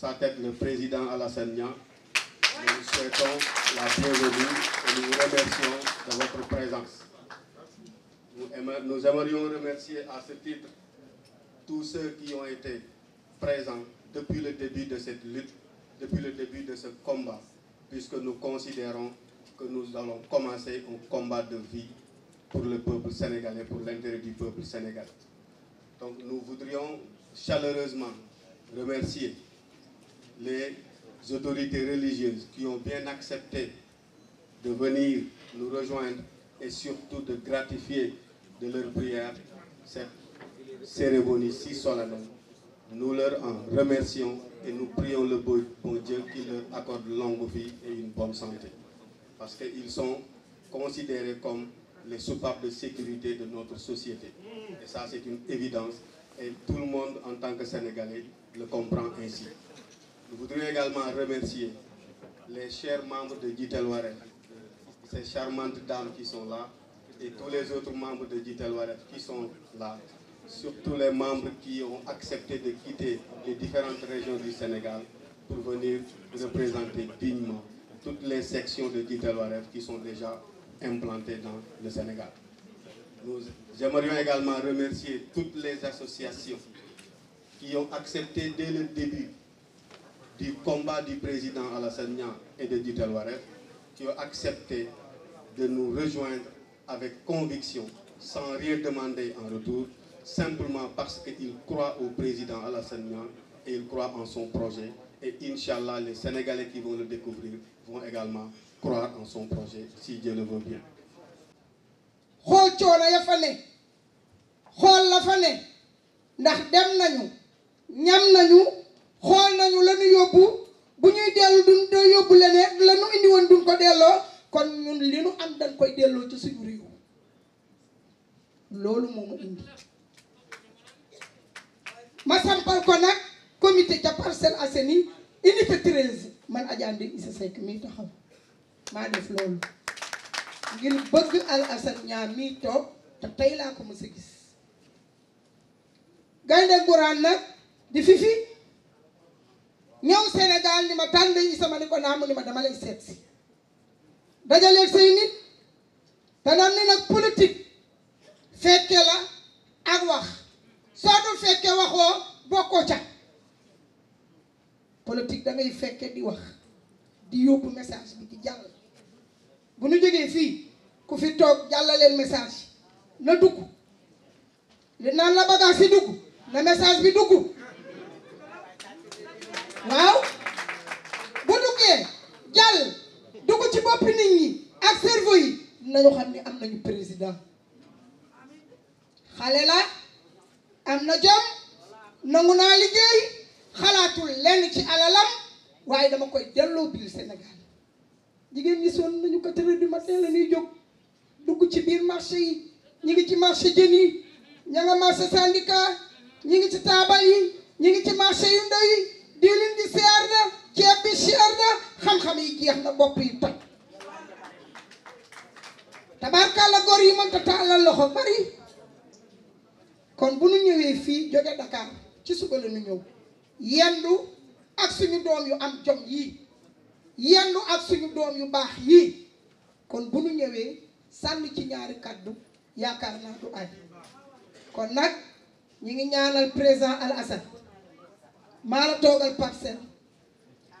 sa le président Alassane Niang. Nous souhaitons la bienvenue et nous vous remercions de votre présence. Nous aimerions remercier à ce titre tous ceux qui ont été présents depuis le début de cette lutte, depuis le début de ce combat, puisque nous considérons que nous allons commencer un combat de vie pour le peuple sénégalais, pour l'intérêt du peuple sénégalais. Donc nous voudrions chaleureusement remercier les autorités religieuses qui ont bien accepté de venir nous rejoindre et surtout de gratifier de leur prière cette cérémonie si solennelle. Nous leur en remercions et nous prions le bon Dieu qui leur accorde longue vie et une bonne santé. Parce qu'ils sont considérés comme les soupapes de sécurité de notre société. Et ça, c'est une évidence. Et tout le monde, en tant que Sénégalais, le comprend ainsi. Je voudrais également remercier les chers membres de Jitelwaret, ces charmantes dames qui sont là, et tous les autres membres de Jitelwaret qui sont là, surtout les membres qui ont accepté de quitter les différentes régions du Sénégal pour venir représenter dignement toutes les sections de Jitelwaret qui sont déjà implantées dans le Sénégal. Nous aimerions également remercier toutes les associations qui ont accepté dès le début du combat du président Alassane et de Djitel Waref qui ont accepté de nous rejoindre avec conviction, sans rien demander retour, simplement parce qu'ils croient au président Alassane et ils croient en son projet. Et Inch'Allah, les Sénégalais qui vont le découvrir vont également croire en son projet, si Dieu le veut bien. xool ya fa ne xool ndax dem nañu ñam nañu xool nañu la yóbbu bu ñuy dellu duñ do yóbbu leneen la indi woon duñ ko delloo kon ñun li ñu am dañ koy delloo ci suñu réew loolu moomu indi ma sampal ko nag comité ca Parcelles Assainies unité 13 man Adja Andi Issa Seck mii taxaw maa def loolu ngir bëgg Al Hassane Niang mii toog te tey laa ko mës a gis gaynde guraan nag di fifi ñëw Sénégal ni ma tànn Issa ma ni ko naa mu ni ma dama lay seet si dajaleel say nit te daan ne nag politique fekke la ak wax soo dul fekke waxoo bokkoo ca politique da ngay fekke di wax di yóbbu message bi di jàll bu ñu jógee fii ku fi toog jàllaleel message na dugg li naan la bagage si dugg na message bi dugg waaw bu duggee jàll dugg ci boppi nit ñi ak cerveau yi dinañu xam ne am nañu président xale la am na jom nangu naa liggéey xalaatul lenn ci alalam waaye dama koy delloo biir Sénégal jigéen ñi sonn nañu quatre heures du matin la ñuy jóg dugg ci biir marché yi ñu ngi ci marché jën yi ña nga marché syndicat ngi ci taabal yi ñu ngi ci marché yu yi diwlin gi seer na ceeb bi seer na xam-xam yi jeex na bopp yi toj tabarkalla góor yi mënta tàllal loxo bari kon bu nu ñëwee fii joge Dakar ci suba la ñu ñëw yendu ak suñu doom yu am jom yii yendu ak suñu doom yu baax yii kon bu nu ñëwee sànni ci ñaari kàddu yaakaar naa du aj kon nag ñi ngi ñaanal président Al maa la toogal parcelle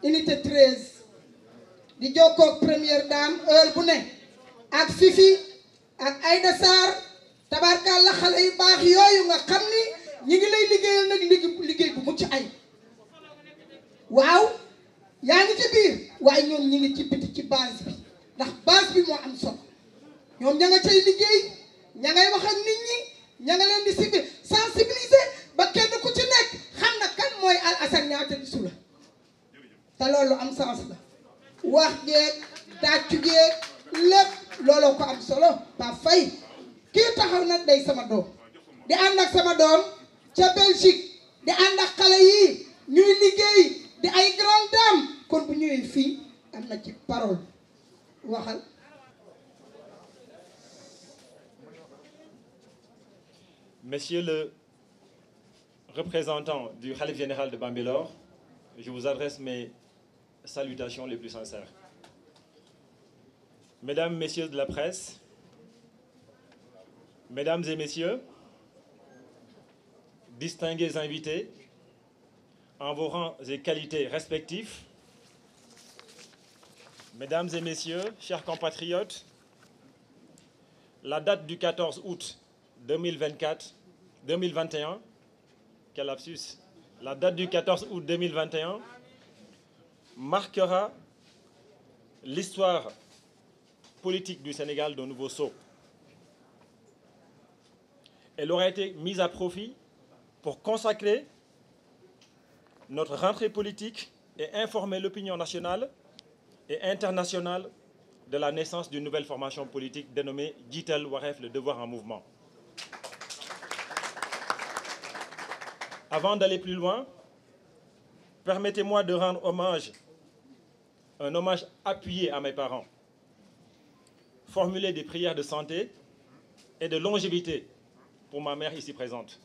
unité 13 di jokkoog première dame heure bu ne ak Fifi ak Aïda Sarr tabarkalla xale yu baax yooyu nga xam ni ñi ngi lay liggéeyal nag liggéey bu mucc ay waaw yaa ngi ci biir waaye ñoom ñi ngi ci biti ci base bi ndax base bi moo am solo ñoom ña nga cay liggéey ña ngay wax ak nit ñi ña nga leen di sensibiliser ba kenn ku ci nekk sa ñaata gisu la te loolu am sens la wax jeeg tàccu jeeg lépp looloo ko am solo ba fay kii taxaw nag day sama doom di ànd ak sama doom ca Belgique di ànd ak xale yi ñuy liggéey di ay grande dame kon bu ñëwee fii am na ci parole waxal le représentant du Khalif général de Bambilor, je vous adresse mes salutations les plus sincères. Mesdames, Messieurs de la presse, Mesdames et Messieurs, en vos rangs et qualités respectifs, Mesdames et Messieurs, chers la date du 14 août 2024, 2021 Calapsus, la date du 14 août 2021 marquera l'histoire politique du Sénégal d'un nouveau saut. Elle aura été mise à profit pour consacrer notre rentrée politique et informer l'opinion nationale et internationale de la naissance d'une nouvelle formation politique dénommée Jiitel Wareef, le devoir en mouvement. Avant d'aller plus loin, permettez-moi de rendre hommage, un hommage appuyé à mes parents. Formuler des prières de santé et de longévité pour ma mère ici présente.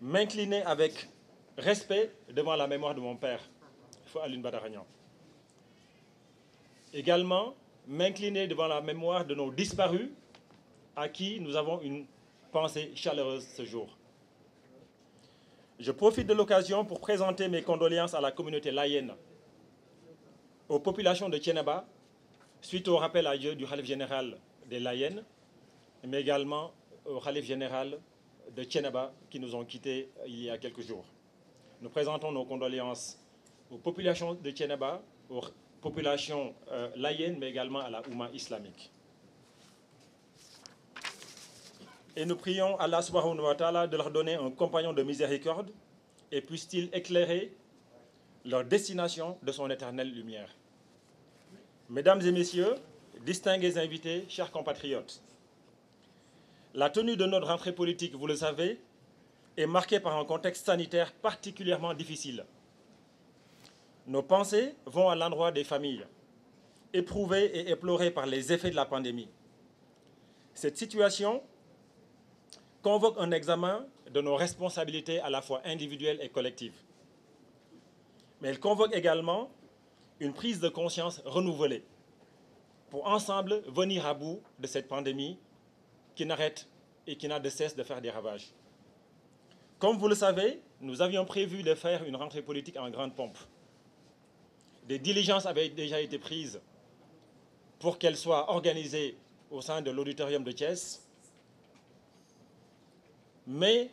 M'incliner avec respect devant la mémoire de mon père, Alun Badaragnan. Également, m'incliner devant la mémoire de nos disparus à qui nous avons une pensée chaleureuse ce jour. Je profite de l'occasion pour présenter mes condoléances à la communauté laïenne, aux populations de Tiénaba, suite au rappel à Dieu du Khalif général des Layennes, mais également au Khalif général de Tiénaba qui nous ont quittés il y a quelques jours. Nous présentons nos condoléances aux populations de Tiénaba, aux populations euh, laïennes, mais également à la Ouma islamique. Et nous prions Allah subhanahu wa ta'ala de leur donner un compagnon de miséricorde et puisse-t-il éclairer leur destination de son éternelle lumière. Mesdames et messieurs, distingués invités, chers compatriotes, la tenue de notre rentrée politique, vous le savez, est marquée par un contexte sanitaire particulièrement difficile. Nos pensées vont à l'endroit des familles, éprouvées et éplorées par les effets de la pandémie. Cette situation convoque un examen de nos responsabilités à la fois individuelles et collectives. Mais elle convoque également une prise de conscience renouvelée pour ensemble venir à bout de cette pandémie qui n'arrête et qui n'a de cesse de faire des ravages. Comme vous le savez, nous avions prévu de faire une rentrée politique en grande pompe. Des diligences avaient déjà été prises pour qu'elle soit organisée au sein de l'auditorium de Thiès Mais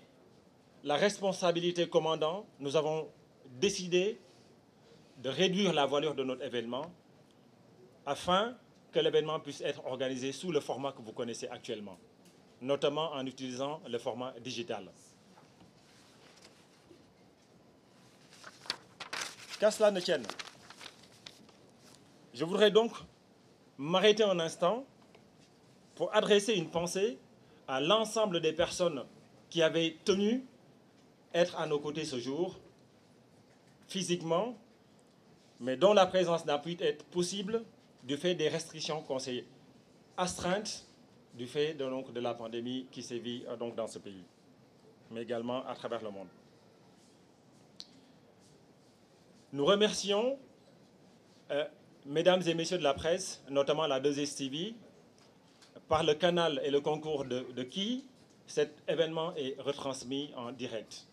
la responsabilité commandant, nous avons décidé de réduire la voilure de notre événement afin que l'événement puisse être organisé sous le format que vous connaissez actuellement, notamment en utilisant le format digital. Qu'à cela ne tienne, je voudrais donc m'arrêter un instant pour adresser une pensée à l'ensemble des personnes qui avait tenu à nos côtés ce jour, physiquement, mais dont la présence n'a pu être possible du fait des restrictions qu'on s'est astreintes du fait de, donc, de la pandémie qui sévit euh, donc, dans ce pays, mais également à travers le monde. Nous remercions euh, mesdames et messieurs de la presse, notamment la 2STV, par le canal et le concours de qui Cet événement est retransmis en direct.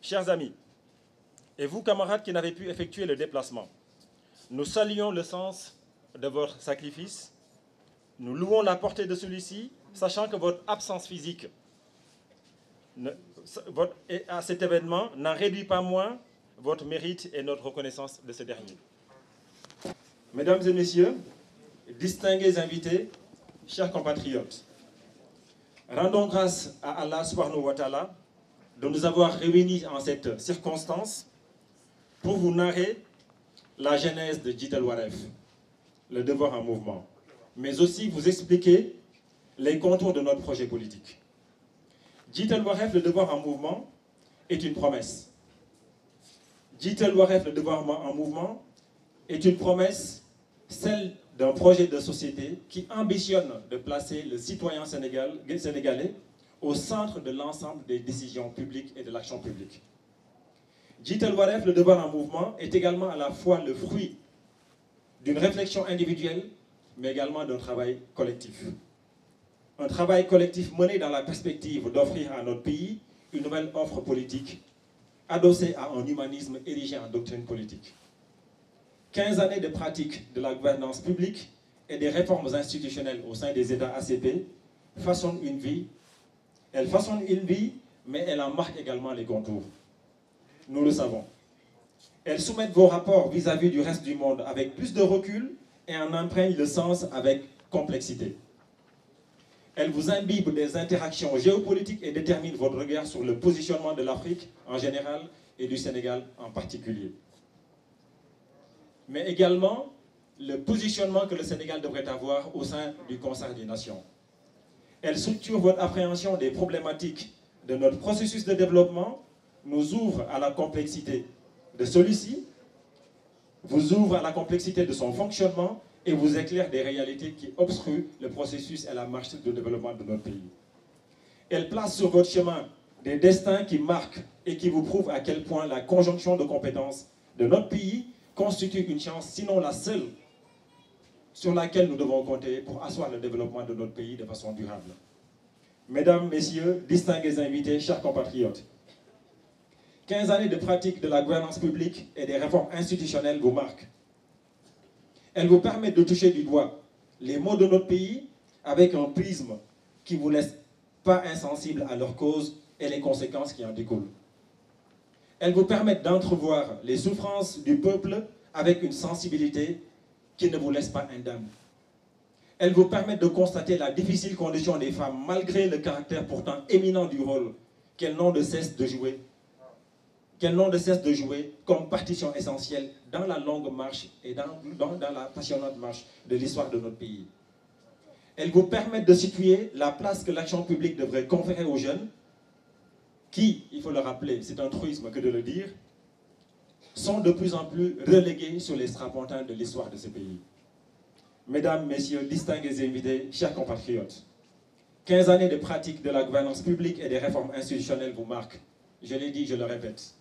Chers amis, et vous camarades qui n'avez pu effectuer le déplacement, nous saluons le sens de votre sacrifice, nous louons la portée de celui-ci, sachant que votre absence physique à cet événement n'en réduit pas moins votre mérite et notre reconnaissance de ce dernier. Mesdames et messieurs, distingués invités, chers compatriotes, Rendons grâce à Allah subhanahu wa ta'ala de nous avoir réunis en cette circonstance pour vous narrer la genèse de Jidal Waref, le devoir en mouvement, mais aussi vous expliquer les contours de notre projet politique. Jidal le devoir en mouvement, est une promesse. Jidal le devoir en mouvement, est une promesse, d'un projet de société qui ambitionne de placer le citoyen sénégal, sénégalais au centre de l'ensemble des décisions publiques et de l'action publique. Jitel Waref, le devoir en mouvement, est également à la fois le fruit d'une réflexion individuelle, mais également d'un travail collectif. Un travail collectif mené dans la perspective d'offrir à notre pays une nouvelle offre politique adossée à un humanisme érigé en doctrine politique. quinze années de pratique de la gouvernance publique et des réformes institutionnelles au sein des États ACP façonnent une vie. Elle façonne une vie, mais elle en marque également les contours. Nous le savons. Elles soumettent vos rapports vis-à-vis -vis du reste du monde avec plus de recul et en imprègnent le sens avec complexité. Elles vous imbibent des interactions géopolitiques et déterminent votre regard sur le positionnement de l'Afrique en général et du Sénégal en particulier. mais également le positionnement que le Sénégal devrait avoir au sein du Conseil des Nations. Elle structure votre appréhension des problématiques de notre processus de développement, nous ouvre à la complexité de celui-ci, vous ouvre à la complexité de son fonctionnement et vous éclaire des réalités qui obstruent le processus et la marché de développement de notre pays. Elle place sur votre chemin des destins qui marquent et qui vous prouvent à quel de compétences constitue une chance, sinon la seule, sur laquelle nous devons compter pour asseoir le développement de notre pays de façon durable. Mesdames, Messieurs, distingués invités, chers compatriotes, 15 années de pratique de la gouvernance publique et des réformes institutionnelles vous marquent. Elles vous permettent de toucher du doigt les maux de notre pays avec un prisme qui ne vous laisse pas insensible à leurs causes et les conséquences qui Elles vous permettent d'entrevoir les souffrances du peuple avec une sensibilité qui ne vous laisse pas indemne. Elles vous permettent de constater la difficile condition des femmes malgré le caractère pourtant éminent du rôle qu'elles n'ont de cesse de jouer qu'elles de cesse de jouer comme partition essentielle dans la longue marche et dans, dans, dans la passionnante marche de l'histoire de notre pays. Elles vous permettent de situer la place que l'action publique devrait conférer qui, il faut le rappeler, c'est un truisme que de le dire, sont de plus en plus relégués sur les strapontins de l'histoire de ce pays. Mesdames, Messieurs, distingués et invités, chers compatriotes, 15 années de pratique de la gouvernance publique et des réformes institutionnelles vous marquent. Je l'ai dit, je le répète.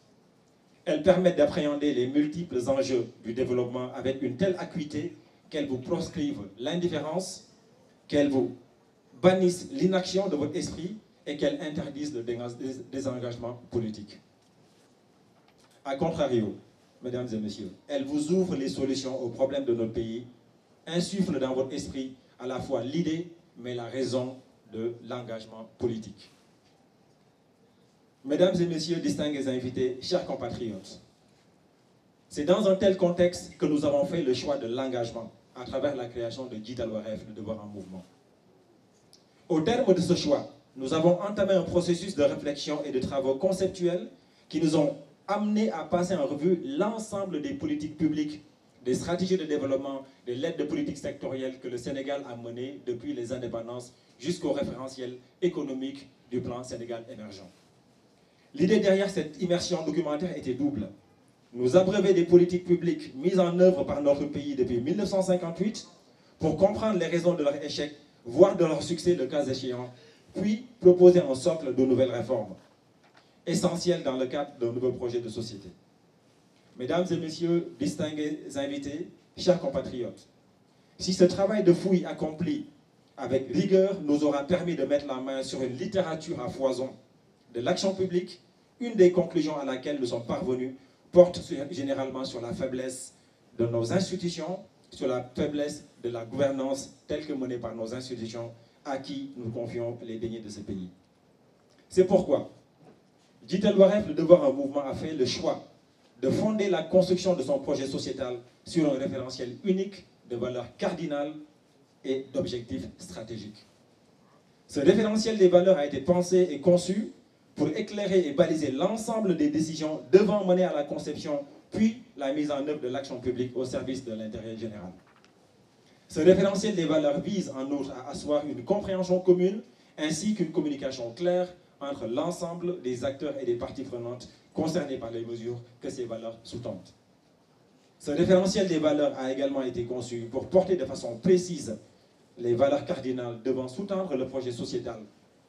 Elles permettent d'appréhender les multiples enjeux du développement avec une telle acuité qu'elles vous proscrivent l'indifférence, et qu'elle interdise le désengagement politique. A contrario, mesdames et messieurs, elle vous ouvre les solutions aux problèmes de notre pays, insuffle dans votre esprit à la fois l'idée mais la raison de l'engagement politique. Mesdames et messieurs, distingués invités, chers compatriotes, c'est dans un tel contexte que nous avons fait le choix de l'engagement à travers la création de Guy Waref, le devoir en mouvement. Au terme de ce choix, nous avons entamé un processus de réflexion et de travaux conceptuels qui nous à passer en revue des politiques publiques, des stratégies de développement, des lettres de politique sectorielle que le Sénégal a menées depuis les indépendances jusqu'au référentiel économique du plan Sénégal émergent. L'idée derrière cette immersion documentaire en œuvre par notre puis proposer un socle de nouvelles réformes, essentielles dans le cadre d'un nouveau projet de société. Mesdames et messieurs, distingués invités, chers compatriotes, si ce travail de fouille accompli avec rigueur nous aura permis de mettre la main sur une littérature à foison de l'action publique, une des conclusions à laquelle nous sommes parvenus porte généralement sur la faiblesse de nos institutions, sur la faiblesse de la gouvernance telle que à qui nous confions les deniers de ce pays. C'est pourquoi Jitel Waref, le devoir en mouvement, a fait le choix de fonder la construction de son projet sociétal sur un référentiel unique de valeurs cardinales et d'objectifs stratégiques. Ce référentiel des valeurs a été pensé et conçu pour éclairer et baliser l'ensemble des décisions devant mener à la conception puis la mise en œuvre de l'action publique au service de l'intérêt général. Ce référentiel des valeurs vise en outre à asseoir une compréhension commune ainsi qu'une communication claire entre l'ensemble des acteurs et des parties prenantes concernés par les mesures que ces valeurs sous-tendent. Ce référentiel des valeurs a également été conçu pour porter de façon précise les valeurs cardinales devant sous-tendre le projet sociétal,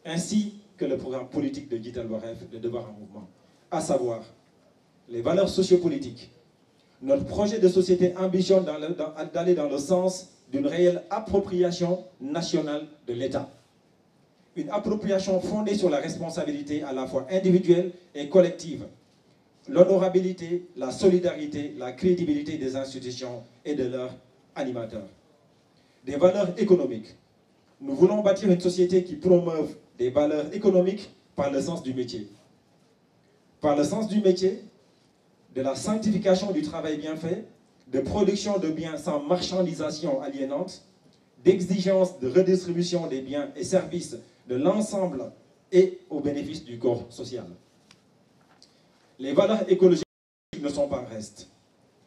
ainsi que le programme politique de Guy Waref, de Devoir en Mouvement, à savoir Notre projet de société ambitionne d'aller dans, d'une réelle appropriation nationale de l'État. Une appropriation fondée sur la responsabilité à la fois individuelle et collective, l'honorabilité, la solidarité, la crédibilité des institutions et de leurs animateurs. Des valeurs économiques. Nous voulons bâtir une société qui promeuve des valeurs économiques par le sens du métier. Par le sens du métier, de la sanctification du travail bien fait, de production de biens sans marchandisation aliénante, d'exigence de redistribution des biens et services de l'ensemble et au bénéfice du corps social. Les valeurs écologiques ne sont pas restes.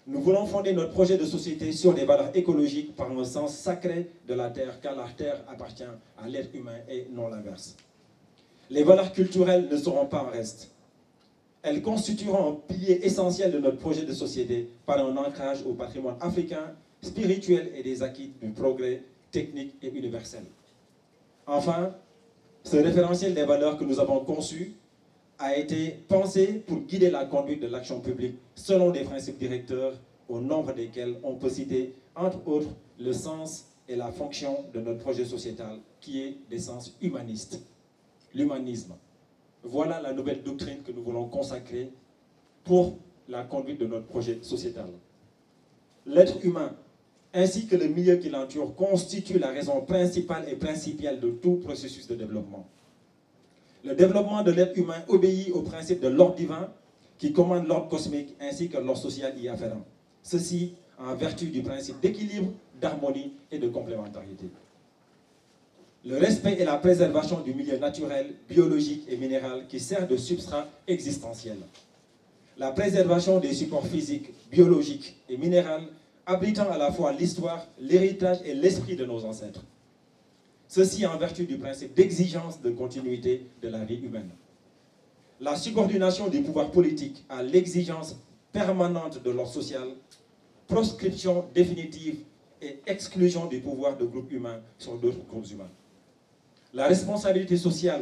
Nous voulons fonder notre projet de société sur des valeurs écologiques par un sens sacré de la terre, car la terre appartient à l'être humain et non l'inverse. Les valeurs culturelles ne seront pas en reste. Elles constitueront un pilier essentiel de notre projet de société par un ancrage au patrimoine africain, spirituel et des acquis du progrès technique et universel. Enfin, ce référentiel des valeurs que nous avons conçu a été pensé pour guider la conduite de l'action publique selon des principes directeurs au nombre desquels on peut citer, entre autres, le sens et la fonction de notre projet sociétal qui est d'essence humaniste, l'humanisme. Voilà la nouvelle doctrine que nous voulons consacrer pour la conduite de notre projet sociétal. L'être humain, ainsi que le milieu qui l'entoure, constitue la raison principale et principielle de tout processus de développement. Le développement de l'être humain obéit au principe de l'ordre divin qui commande l'ordre cosmique ainsi que l'ordre social y afférent. Ceci en vertu du principe d'équilibre, d'harmonie et de complémentarité. le respect et la préservation du milieu naturel, biologique et minéral qui sert de substrat existentiel. La préservation des supports physiques, biologiques et minérales abritant à la fois l'histoire, l'héritage et l'esprit de nos ancêtres. Ceci en vertu du principe d'exigence de continuité de la vie humaine. La subordination des pouvoirs politiques à l'exigence permanente de l'ordre social, proscription définitive et exclusion des pouvoirs de groupes humains La responsabilité sociale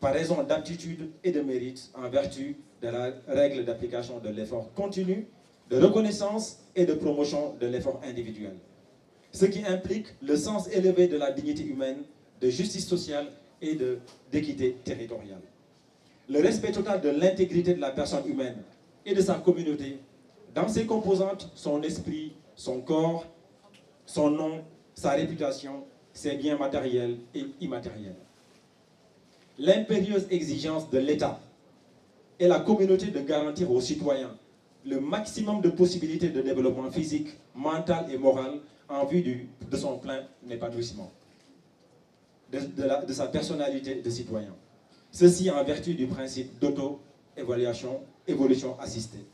par raison d'aptitude et de mérite en vertu de la règle d'application de l'effort continu, de reconnaissance et de promotion de l'effort individuel. Ce qui implique le sens élevé de la dignité humaine, de justice sociale et d'équité territoriale. Le respect total de l'intégrité de la personne humaine et de sa communauté, dans ses composantes, son esprit, son corps, son nom, sa réputation, ses biens matériels et immatériels. L'impérieuse exigence de l'État et la communauté de garantir aux citoyens le maximum de possibilités de développement physique, mental et moral en vue du, de son plein épanouissement, de, de, la, de sa personnalité de citoyen. Ceci en vertu du principe d'auto-évaluation, évolution assistée.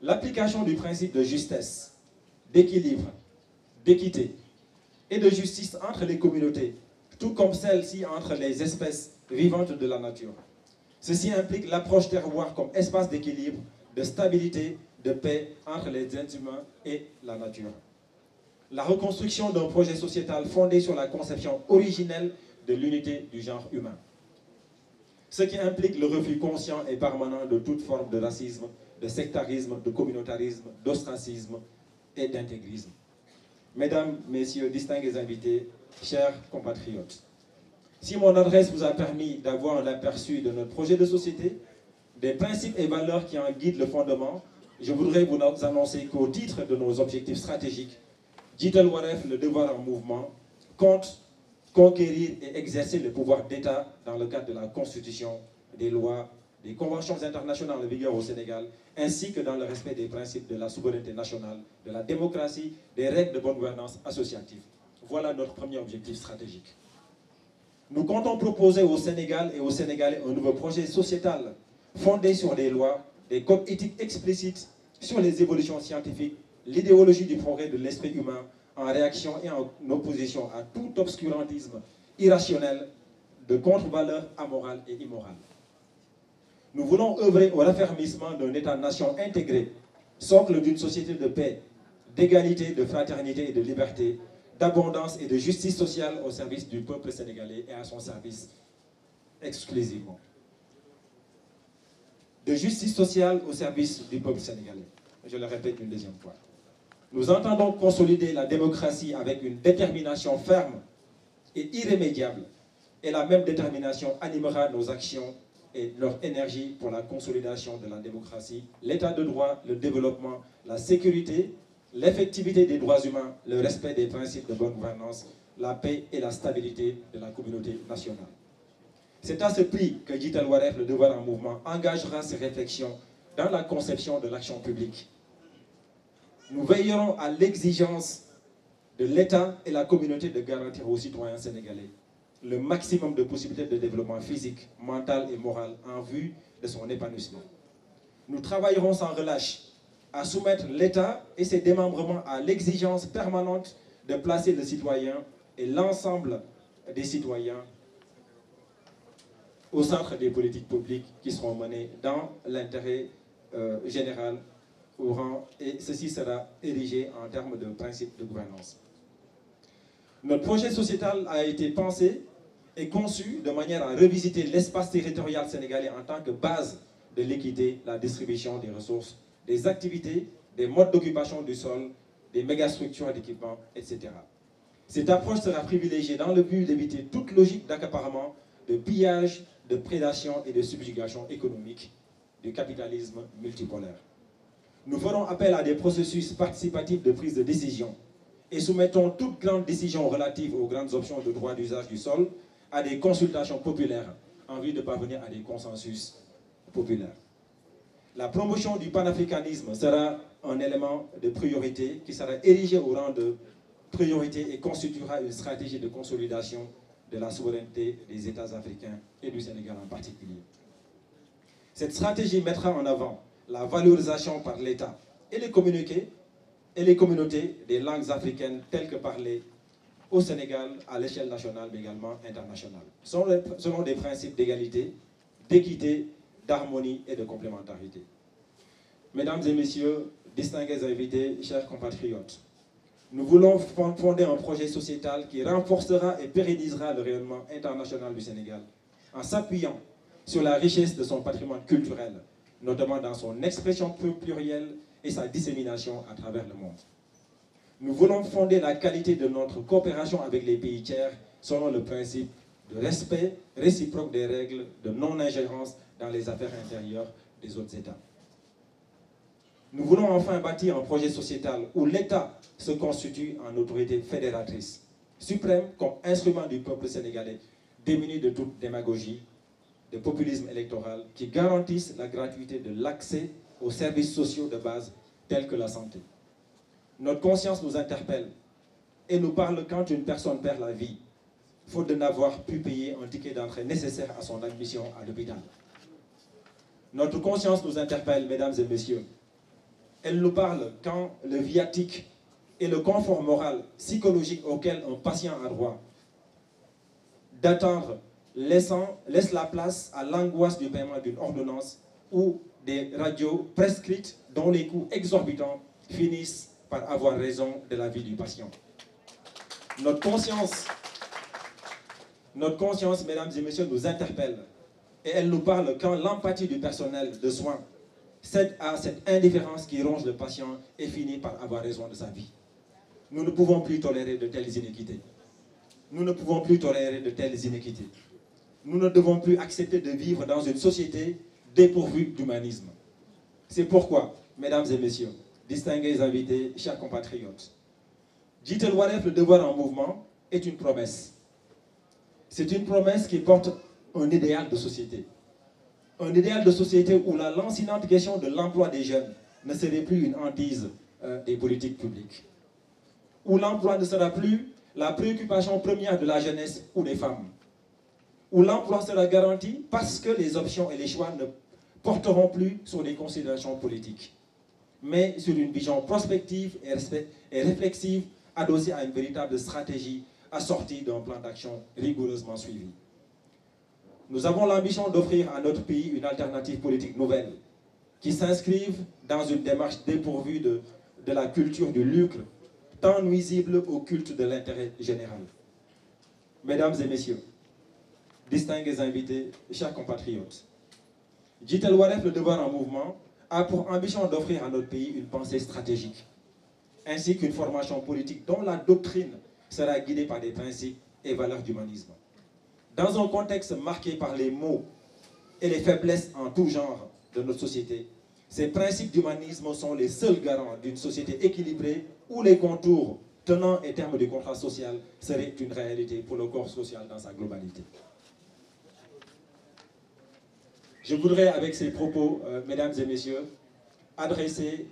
L'application du principe de justesse, d'équilibre, d'équité, et de justice entre les communautés, tout comme celle-ci entre les espèces vivantes de la nature. Ceci implique l'approche terroir comme espace d'équilibre, de stabilité, de paix entre les êtres humains et la nature. La reconstruction d'un projet sociétal fondé sur la conception originelle de l'unité du genre humain. Ce qui implique le refus conscient et permanent de toute forme de racisme, de sectarisme, de communautarisme, d'ostracisme et d'intégrisme. Mesdames, Messieurs, distingués invités, chers compatriotes, si mon adresse vous a permis d'avoir un aperçu de notre projet de société, des principes et valeurs qui en guident le fondement, je voudrais vous annoncer qu'au titre de nos objectifs stratégiques, Digital Waref, le devoir en mouvement, compte conquérir et exercer le pouvoir d'État dans le cadre de la Constitution, des lois des conventions internationales en vigueur au Sénégal, ainsi que dans le respect des principes de la souveraineté nationale, de la démocratie, des règles de bonne gouvernance associative. Voilà notre premier objectif stratégique. Nous comptons proposer au Sénégal et aux Sénégalais un nouveau projet sociétal fondé sur des lois, des codes éthiques explicites sur les évolutions scientifiques, l'idéologie du progrès de l'esprit humain en réaction et en opposition à tout obscurantisme irrationnel de contre-valeurs amorales Nous voulons œuvrer au raffermissement d'un État-nation intégré, socle d'une société de paix, d'égalité, de fraternité et de liberté, d'abondance et de justice sociale au service du peuple sénégalais et à son service exclusivement. De justice sociale au service du peuple sénégalais. Je le répète une deuxième fois. Nous entendons consolider la démocratie avec une détermination ferme et irrémédiable. Et la même détermination animera nos actions et leur énergie pour la consolidation de la démocratie, l'état de droit, le développement, la sécurité, l'effectivité des droits humains, le respect des principes de bonne gouvernance, la paix et la stabilité de la communauté nationale. C'est à ce prix que Jital Waref, le devoir en mouvement, engagera ses réflexions dans la conception de l'action publique. Nous veillerons à l'exigence de l'État et la communauté de garantir aux citoyens sénégalais le maximum de possibilités de développement physique, mental et moral en vue de son épanouissement. Nous travaillerons sans relâche à soumettre l'État et ses démembrements à l'exigence permanente de placer le citoyen et l'ensemble des citoyens au centre des politiques publiques qui seront menées dans l'intérêt euh, général au rang et ceci sera érigé en termes de principe de gouvernance. Notre projet sociétal a été pensé est conçu de manière à revisiter l'espace territorial sénégalais en tant que base de l'équité, la distribution des ressources, des activités, des modes d'occupation du sol, des mégastructures d'équipement, etc. Cette approche sera privilégiée dans le but d'éviter toute logique d'accaparement, de pillage, de prédation et de subjugation économique du capitalisme multipolaire. Nous ferons appel à des processus participatifs de prise de décision et soumettons toute grande décision relative aux grandes options de droit d'usage du sol à des consultations populaires en vue de parvenir à des consensus populaires. La promotion du panafricanisme sera un élément de priorité qui sera érigé au rang de priorité et constituera une stratégie de consolidation de la souveraineté des États africains et du Sénégal en particulier. Cette stratégie mettra en avant la valorisation par l'État et les communautés des langues africaines telles que parlées au Sénégal, à l'échelle nationale, mais également internationale, selon des principes d'égalité, d'équité, d'harmonie et de complémentarité. Mesdames et messieurs, distingués invités, chers compatriotes, nous voulons fonder un projet sociétal qui renforcera et pérennisera le rayonnement international du Sénégal en s'appuyant sur la richesse de son patrimoine culturel, notamment dans son expression plurielle et sa dissémination à travers le monde. nous voulons fonder la qualité de notre coopération avec les pays tiers selon le principe de respect réciproque des règles de non-ingérence dans les affaires intérieures des autres États. Nous voulons enfin bâtir un projet sociétal où l'État se constitue en autorité fédératrice, suprême comme instrument du peuple sénégalais, démuni de toute démagogie, de populisme électoral, qui garantisse la gratuité de l'accès aux services sociaux de base tels que Notre conscience nous interpelle et nous parle quand une personne perd la vie, faute de n'avoir pu payer un ticket d'entrée nécessaire à son admission à l'hôpital. Notre conscience nous interpelle, mesdames et messieurs. Elle nous parle quand le viatique et le confort moral, psychologique auquel un patient a droit d'attendre laissant, laisse la place à l'angoisse du paiement d'une ordonnance ou des radios prescrites dont les coûts exorbitants par avoir raison de la vie du patient. Notre conscience, notre conscience, mesdames et messieurs, nous interpelle. Et elle nous parle quand l'empathie du personnel de soins cède à cette indifférence qui ronge le patient et finit par avoir raison de sa vie. Nous ne pouvons plus tolérer de telles inéquités. Nous ne pouvons plus tolérer de telles inéquités. Nous ne devons plus accepter de vivre dans une société dépourvue d'humanisme. C'est pourquoi, mesdames et messieurs, distingués invités, chers compatriotes. Jitel Waref, le devoir en mouvement, est une promesse. C'est une promesse qui porte un idéal de société. Un idéal de société où la lancinante question de l'emploi des jeunes ne serait plus une hantise euh, des politiques publiques. Où l'emploi ne sera plus la préoccupation première de la jeunesse ou des femmes. Où l'emploi sera garanti parce que les options et les choix ne porteront plus sur des considérations politiques mais sur une vision prospective et réflexive adossée à une véritable stratégie assortie d'un plan d'action rigoureusement suivi. Nous avons l'ambition d'offrir à notre pays une alternative politique nouvelle qui s'inscrive dans une démarche dépourvue de, de la culture du lucre, tant nuisible au culte de l'intérêt général. Mesdames et messieurs, distingués invités, chers compatriotes, Jitel Waref, le devoir en mouvement, a pour ambition d'offrir à notre pays une pensée stratégique, ainsi qu'une formation politique dont la doctrine sera guidée par des principes et valeurs d'humanisme. Dans un contexte marqué par les maux et les faiblesses en tout genre de notre société, ces principes d'humanisme sont les seuls garants d'une société équilibrée où les contours tenant et termes du contrat social seraient une réalité pour le corps social dans sa globalité. Je voudrais, avec ces propos, euh, mesdames et messieurs, adresser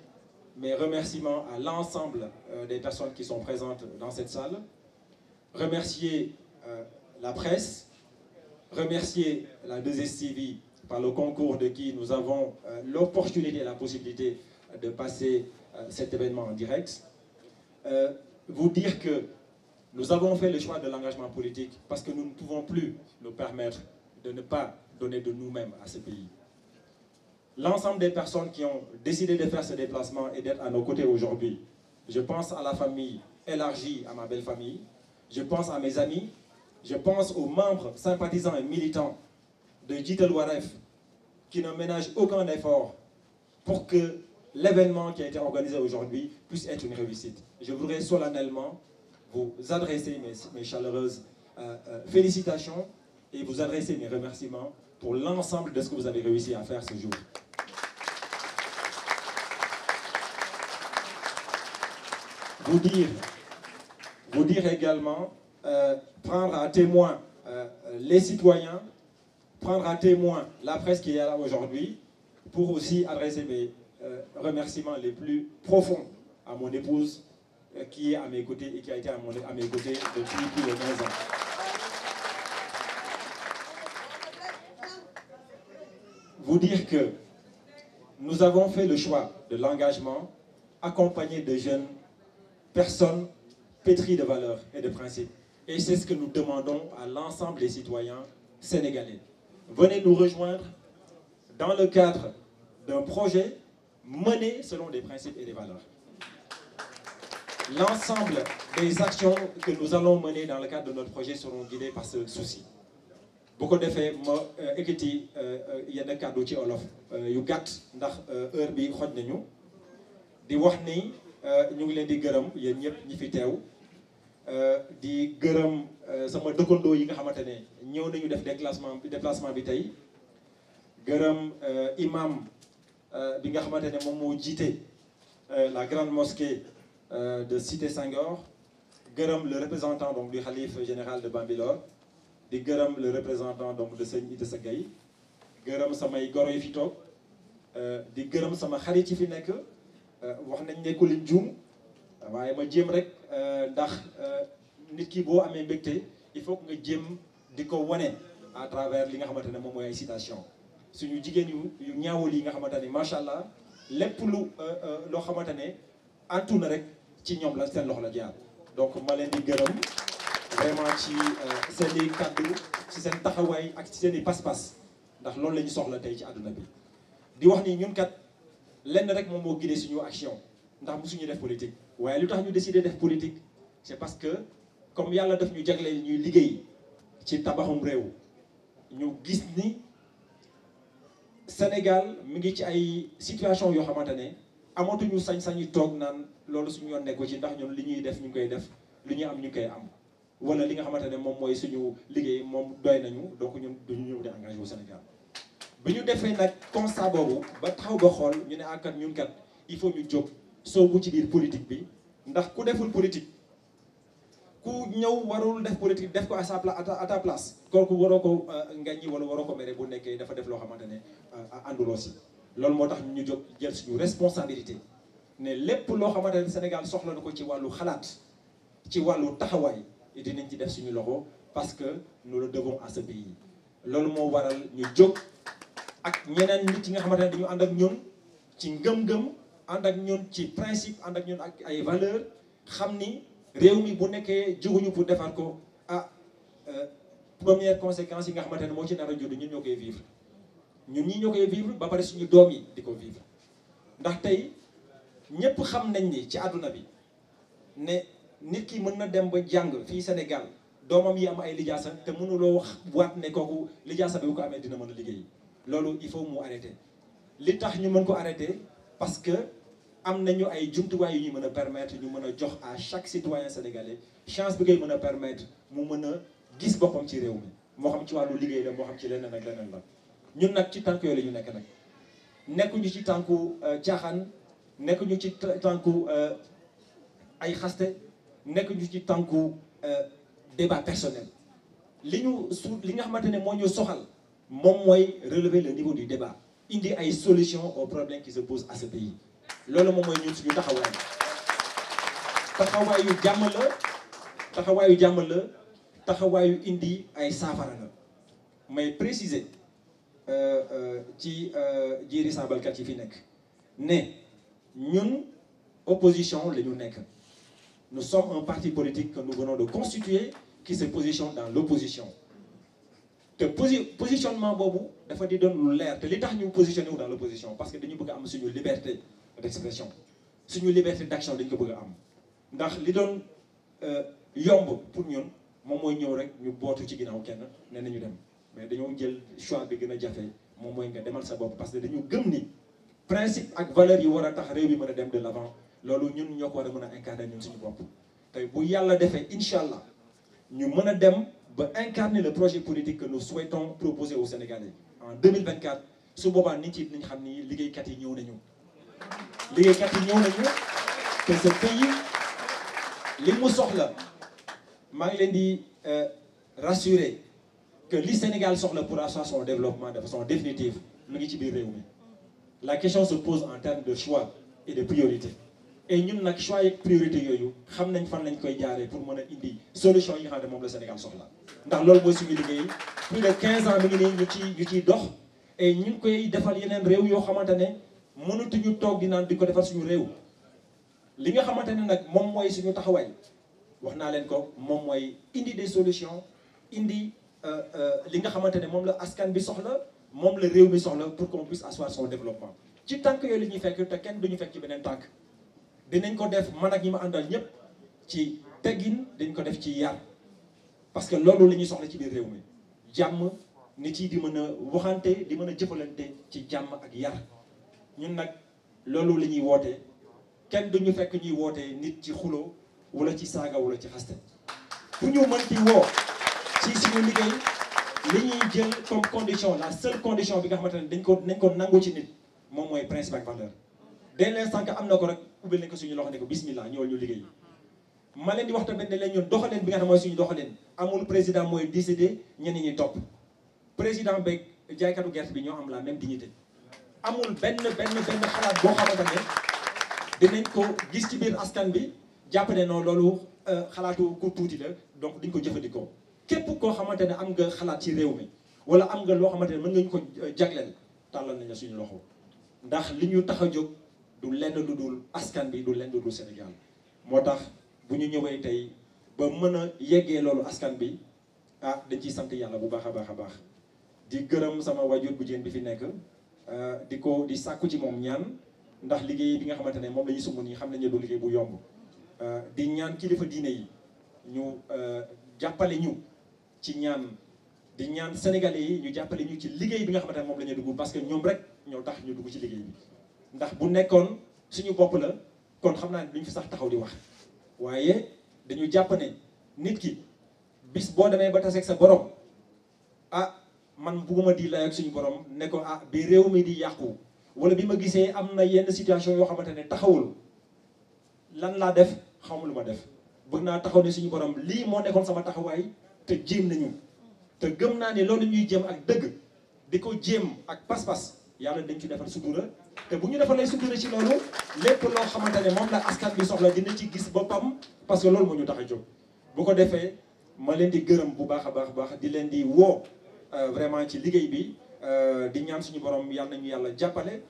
mes remerciements à l'ensemble euh, des personnes qui sont présentes dans cette salle, remercier euh, la presse, remercier la 2STV par le concours de qui nous avons euh, l'opportunité et la possibilité de passer euh, cet événement en direct. Euh, vous dire que nous avons fait le choix de l'engagement politique parce que nous ne pouvons plus nous permettre de ne pas donner de nous-mêmes à ce pays. L'ensemble des personnes qui ont décidé de faire ce déplacement et d'être à nos côtés aujourd'hui, je pense à la famille élargie, à ma belle famille, je pense à mes amis, je pense aux membres sympathisants et militants de Jitel Waref qui ne ménagent aucun effort pour que l'événement qui a été organisé aujourd'hui puisse être une réussite. Je voudrais solennellement vous adresser mes, mes chaleureuses euh, euh, félicitations et vous adresser mes pour l'ensemble de ce que vous avez réussi à faire ce jour. Vous dire, également, euh, prendre à témoin euh, les citoyens, prendre à témoin la presse qui est là aujourd'hui, pour aussi adresser mes euh, remerciements les plus profonds à mon épouse qui est à mes côtés et à, mes côtés depuis plus de 15 vous dire que nous avons fait le choix de l'engagement accompagné de jeunes personnes pétries de valeurs et de principes. Et c'est ce que nous demandons à l'ensemble des citoyens sénégalais. Venez nous rejoindre dans le cadre d'un projet mené selon des principes et des valeurs. L'ensemble des actions que nous allons mener dans le cadre de notre projet seront guidées par ce souci. bu ko defee ma euh, ekkiti euh, yenn kàddu ci olof euh, yu gàtt ndax heure bi xoj nañu di wax ni ñu ngi leen di gërëm yéen ñëpp ñi fi teew di gërëm sama dëkkandoo yi nga xamante ne ñëw nañu def déplacement déplacement bi tey gërëm imam bi nga xamante ne moom moo jiite la grande mosquée de Cité Senghor gërëm le représentant donc du khalife général de Bambilor di gërëm le représentant donc de sëñ Idrissa Gueye gërëm samay goro yi fi toog euh, di gërëm sama xarit yi fi nekk euh, wax nañ ne ku lim juum waaye ma jéem rek euh, ndax nit ki boo amee mbégte il faut nga jéem di ko wane à travers li nga xamante ne moom mooy ay citation suñu jigéen yu yu ñaawal yi nga xamante ni macha allah lépp lu loo xamante ne antu na rek ci ñoom la seen loxo la jaar donc ma leen di gërëm. vraiment ci euh, seen i ci seen taxawaay ak ci seen i pas-pas ndax loolu la ñu soxla tey ci àdduna bi di wax ni ñun kat lenn rek moom moo guidé suñu action ndax suñu def politique waaye lu tax ñu décidé def politique c'est parce que comme yàlla def ñu jagle ñuy liggéey ci tabaxum réew ñu gis ni Sénégal mu ngi ci ay situation yoo xamante ne amatuñu sañ-sañi toog naan loolu suñu yoon nekku ci ndax ñun li ñuy def ñu ngi koy def li ñuy am ñu koy am wala li nga xamante ne moom mooy suñu liggéey moom doy nañu donc ñun duñu ñëw di engagé wu Sénégal bi ñu defee nag constat boobu ba taxaw ba xool ñu ne àkat ñun kat il faut ñu jóg soobu ci biir politique bi ndax ku deful politique ku ñëw warul def politique def ko à sa pla kooku waroo ko euh, ngaññi wala waroo ko mere bu nekkee dafa def loo xamante ne euh, ànduloo si loolu moo tax ñu jóg jël suñu responsabilité ne lépp loo xamante ne Sénégal soxla na ko ci wàllu xalaat ci wàllu taxawaay te dinañ ci def suñu loxo parce que nous le devons à ce pays loolu moo waral ñu jóg ak ñeneen nit yi nga xamante ne dañu ànd ak ñun ci ngëm-ngëm ànd ak ñun ci principe ànd ak ñun ak ay valeur xam ni réew mi bu nekkee juguñu pour defar ko ah euh, première conséquence yi nga xamante ne moo ci nar a judd ñun ñoo koy vivre ñun ñi ñoo koy vivre ba pare suñu doom yi di ko vivre ndax tey ñëpp xam nañ ni ci àdduna bi ne nit ki mën na dem ba jàng fii Sénégal doomam yi am ay lijaasa te mënuloo wax waat ne kooku lijaasa bi ko amee dina mën a liggéey loolu il faut mu arrêter li tax ñu mën ko arrêter parce que am nañu ay jumtuwaay yu ñu mën a permettre ñu mën a jox à chaque citoyen sénégalais chance bi ngay mën a permettre mu mën a gis boppam ci réew mi moo xam ci wàllu liggéey la moo xam ci leneen ak leneen la ñun nag ci tànk yooyu la ñu nekk nag nekkuñu ci tànku euh, caaxaan nekkuñu ci tànku euh, ay xaste nekk ñu ci tànku euh, débat personnel li ñu su li nga xamante ne moo ñu soxal moom mooy relever le niveau du débat indi ay solutions aux problèmes qui se posent à ce pays loolu moom mooy ñun suñu taxawaay taxawaayu jàmm la taxawaayu jàmm la taxawaayu indi ay saafara la may préciser euh, euh, ci jiiri saabalkat yi fi nekk ne ñun opposition la ñu nekk Nous sommes un parti politique que nous venons de constituer qui se positionne dans l'opposition te posi positionement boobu dafa di doon lu leer te li tax ñu positionné wu dans l'opposition parce que dañu bëgg am suñu liberté d'expression suñu liberté d'action dañ ko bëgg am ndax li doon euh, yomb pour ñun moom mooy ñëw rek ñu bootu ci ginnaaw kenn ne nañu dem mais dañoo jël choix bi gën a jafe moom mooy nga demal sa bopp parce que dañu gëm ni principe ak valeur yi war tax réew mi mën a dem de l'avant loolu ñun ñoo ko war a mën a incarner ñun suñu bopp tey bu yàlla defee incha allah ñu mën a dem ba incarner le projet politique que nous souhaitons proposer aux Sénégalais en 2024 su boobaa nit yi dinañ xam ni liggéeykat yi ñëw nañu. liggéeykat yi ñëw nañu te ce pays li mu soxla maa ngi leen di euh, rassurer que li Sénégal soxla pour assurer son développement de façon définitive mu ngi ci biir réew la question se pose en termes de choix et de priorité. et ñun nag choix yeeg priorité yooyu xam nañ fan lañ koy jaaree pour mën a indi solution yi nga xam ne moom la Sénégal soxla ndax loolu mooy suñu liggéey plus de 15 ans mi ngi nii ñu ciy ciy dox ñu ngi koy defal yeneen réew yoo xamante ne mënatuñu toog naan di ko defal suñu réew li nga xamante ne nag moom mooy suñu taxawaay wax naa leen ko moom mooy indi des solutions indi euh, euh, li nga xamante ne moom la askan bi soxla moom la réew mi soxla pour qu'on puisse asseoir son développement ci tànk yooyu la ñuy fekk te kenn ñu fekk ci beneen tànk dinañ ko def man ak ñi ma àndal ñëpp ci teggin dañ ko def ci yar parce que loolu lañuy ñuy soxla ci biir réew mi jàmm nit yi di mën a waxante di mën a jëfalante ci jàmm ak yar ñun nag loolu lañuy ñuy woote kenn ñu fekk ñuy woote nit ci xuloo wala ci saaga wala ci xaste fu ñu mënti woo ci suñu liggéey li ñuy jël comme condition la seule condition bi nga xamante ne dañ ko nañ ko nangu ci nit moom mooy principe ak valeur dès l'instant que am na ko rek ubbeel nañ ko suñu loxo ne ko bismillah ñëwal ñu liggéey ma leen di wax tamit ne leen ñun doxaleen bi nga xam mooy suñu doxaleen amul président mooy décidé ñeneen ñi topp président beeg jaaykatu gerte bi ñoo am la même dignité amul benn benn benn xalaat boo xamante ne dinañ ko gis ci biir askan bi jàpp ne noo loolu euh, xalaatu ko tuuti la donc duñ ko jëfandikoo képp koo xamante ne am nga xalaat ci réew mi wala am nga loo xamante ne mën nga ñu ko euh, jagleel tàllal nañ la suñu loxo ndax li ñu tax a jóg. du lenn lu dul askan bi du lenn lu dul Sénégal moo tax bu ñu ñëwee tey ba mën a yeggee loolu askan bi ah dañ ciy sant yàlla bu baax a baax a baax di gërëm sama wajur bu jën bi fi nekk ah, di ko di sàkku ci moom ñaan ndax liggéey bi nga xamante ne moom la ñu sumb nii xam nañu du bu yomb ah, di ñaan kilifa diine yi ñu ah, jàppale ñu ci ñaan di ñaan sénégalais yi ñu jàppale ñu ci liggéey bi nga xamante ne moom la ñu que ñoom rek ñoo tax ñu dugg ci liggéey bi ndax bu nekkoon suñu bopp la kon xam naa ne duñ fi sax taxaw di wax waaye dañu jàpp ne nit ki bis boo demee ba taseeg sa borom ah man bugguma di lay ak suñu borom ne ko ah bi réew mi di yàqu wala bi ma gisee am na yenn situation yoo xamante ne taxawul lan laa def xamu lu ma def bëgg naa taxaw ne suñu borom lii moo nekkoon sama taxawaay te jéem nañu te gëm naa ni loolu ñuy jéem ak dëgg di ko jéem ak pas-pas yàlla dañ ci defal sutura te bu ñu defalee sutura ci loolu lépp loo xamante ne moom la askan bi soxla dina ci gis boppam parce que loolu moo ñu tax a ko defee ma leen di gërëm bu baax a baax baax di leen di woo euh, vraiment ci liggéey bi euh, di ñaan suñu borom yàlla nañu yàlla jàppale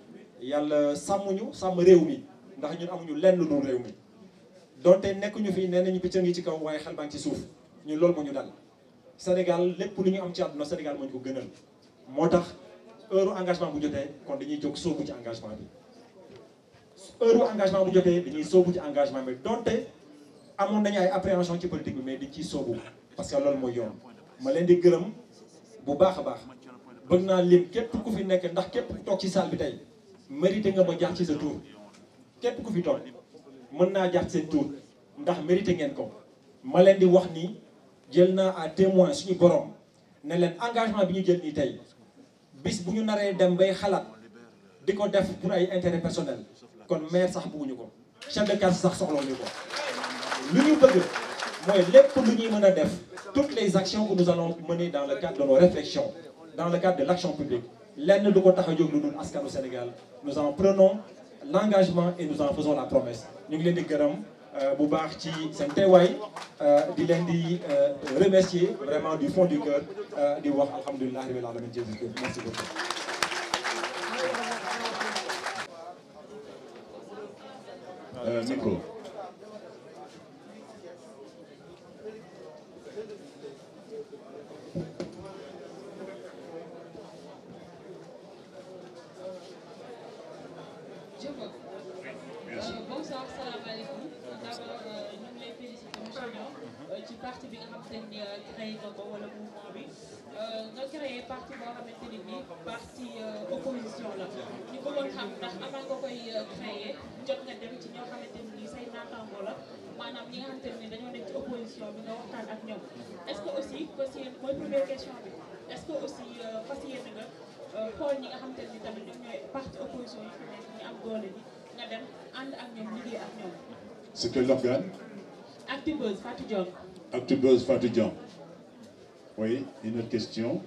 yàlla sàmmuñu sàmm réew mi ndax ñun amuñu lenn lu dul réew mi donte nekkuñu fi nee nañu bëccëg ngi ci kaw waaye xel ci suuf ñun loolu moo ñu dal Sénégal lépp lu ñu am ci àdduna Sénégal moo ñu ko gënal moo tax. heure engagement bu jotee kon dañuy jóg sóobu ci engagement bi heure engagement bu jotee dañuy sóobu ci engagement bi donte amoon nañu ay appréhension ci politique bi mais di ciy sóobu parce que loolu mooy yoon ma leen di gërëm bu baax a baax bëgg naa lim képp ku fi nekk ndax képp ku toog ci salle bi tey mérité nga ba jaar ci sa tour képp ku fi toog mën naa jaar ci seen tour ndax mérité ngeen ko ma leen di wax nii jël naa à témoin suñu borom ne leen engagement bi ñu jël nii bis bu ñu naree dem bay xalaat di ko def pour ay intérêt personnel kon maire sax bëgguñu ko chef de quartier sax soxlawuñu ko lu ñu bëgg mooy lépp lu ñuy mën a def toutes les actions que nous allons mener dans le cadre de nos réflexions dans le cadre de l'action publique lenn du ko tax a jóg lu dul askanu Sénégal nous en prenons l'engagement et nous en faisons la promesse ñu ngi leen di gërëm Euh, bu baax ci seen teewaay euh, di leen di euh, remercier vraiment du fond du cœur di wax alhamdulilah rabbil alamin jërëjëf merci beaucoup. micro. parti euh, opposition la ñu bëggoon xam ndax avant nga koy euh, créer jot nga dem ci ñoo xamante ni say naataangoo la maanaam ñi nga xamante ni dañoo nekk ci opposition bi nga waxtaan ak ñoom est-ce que aussi fas yéen mooy première question bi est-ce que aussi euh, fas yéen nga xool ñi nga xamante ni tamit ñoom ñooy parti opposition yi fi nekk ñu am doole bi nga dem ànd ak ñoom liggéey ak ñoom. c'est quel organe. Actubuzz Fatou Dione. Actubuzz Fatou Dione. oui une autre question.